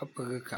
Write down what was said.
阿不，敢。